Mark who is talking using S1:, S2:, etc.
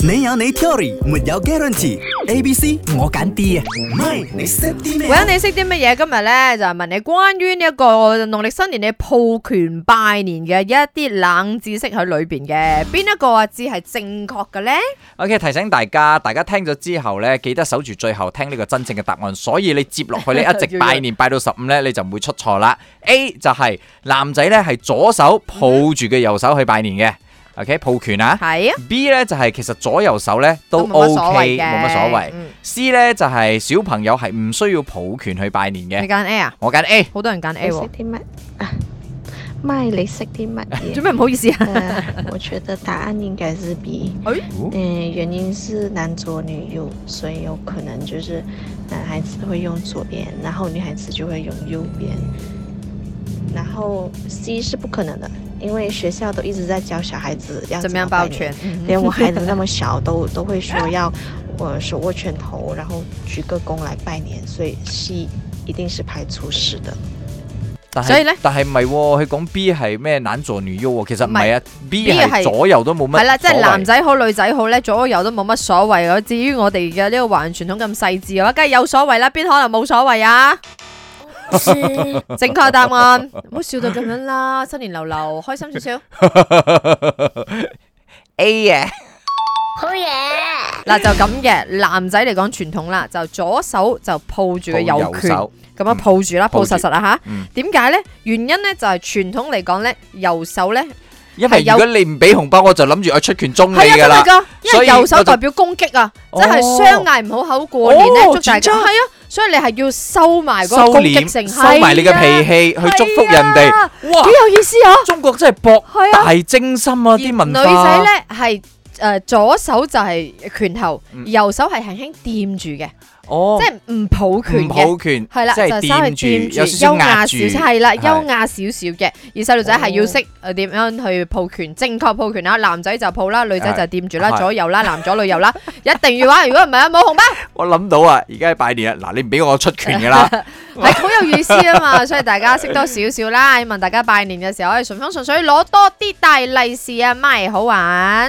S1: 你有你 theory，沒有 guarantee。A、B、C 我揀 D 啊，MY 你識
S2: 啲咩？咁你識啲乜嘢？今日咧就問你關於呢一個農曆新年你抱拳拜年嘅一啲冷知識喺裏邊嘅，邊一個字係正確嘅咧
S1: ？OK，提醒大家，大家聽咗之後咧，記得守住最後聽呢個真正嘅答案。所以你接落去，你一直拜年 拜到十五咧，你就唔會出錯啦。A 就係、是、男仔咧係左手抱住嘅右手去拜年嘅。O、okay? K，抱拳啊！係啊，B 咧就係、是、其實左右手咧都 O K，冇乜所謂。所嗯、C 咧就係、是、小朋友係唔需要抱拳去拜年嘅。你揀
S2: A 啊？我揀 A。好多人揀 A。識啲乜？
S3: 咪你識啲乜嘢？ 做咩唔好意思啊？ uh, 我覺得答案應該是 B。誒， uh, 原因是男左女右，所以有可能就是男孩子會用左邊，然後女孩子就會用右邊。然後 C 是不可能的，因為學校都一直在教小孩子要怎麼怎樣抱拳， 連我孩子那麼小都都會說要，我、呃、手握拳頭然後舉個躬來拜年，所以 C 一定是排除式的。
S1: 但是所以咧，但係唔係，佢講 B 係咩男左女右、哦，其實唔係啊是，B 係左，左右都冇乜。係、就、啦、是，即係男仔
S2: 好女仔好咧，左右都冇乜所謂咯。至於我哋嘅呢個華人傳統咁細緻嘅話，梗係有所謂啦，邊可能冇所謂啊？正確答案，唔好笑到咁樣啦！新年流流，開心少少。A 啊，好嘢。嗱就咁嘅，男仔嚟講傳統啦，就左手就抱住個右拳，咁樣抱住啦，抱實實啦吓。點解咧？原因咧就係傳統嚟講咧，右手咧，一係如果你唔俾
S1: 紅包，我就諗住我出拳中你噶啦。因為右手代
S2: 表攻擊啊，即係雙嗌唔好口。過年，呢，祝大家。所以你係要收埋嗰個攻擊性收埋簾、啊、你嘅脾氣、啊、去祝福人哋，啊、哇！幾有意思啊！中國真係博大
S1: 精深啊！啲、啊、文化女仔咧
S2: 係，誒左手就係拳頭，右手係輕輕掂住嘅，哦，即係唔抱拳，抱拳係啦，即係掂住，有少少壓住，係啦，優雅少少嘅。而細路仔係要識誒點樣去抱拳，正確抱拳啦。男仔就抱啦，女仔就掂住啦，左右啦，男左女右啦，一定要玩。如果唔係啊，冇紅包？
S1: 我諗到啊，而家係拜年啊。嗱，你唔俾我出拳㗎啦，
S2: 係好有意思啊嘛。所以大家識多少少啦，問大家拜年嘅時候可以順風順水攞多啲大利是啊，咪好玩。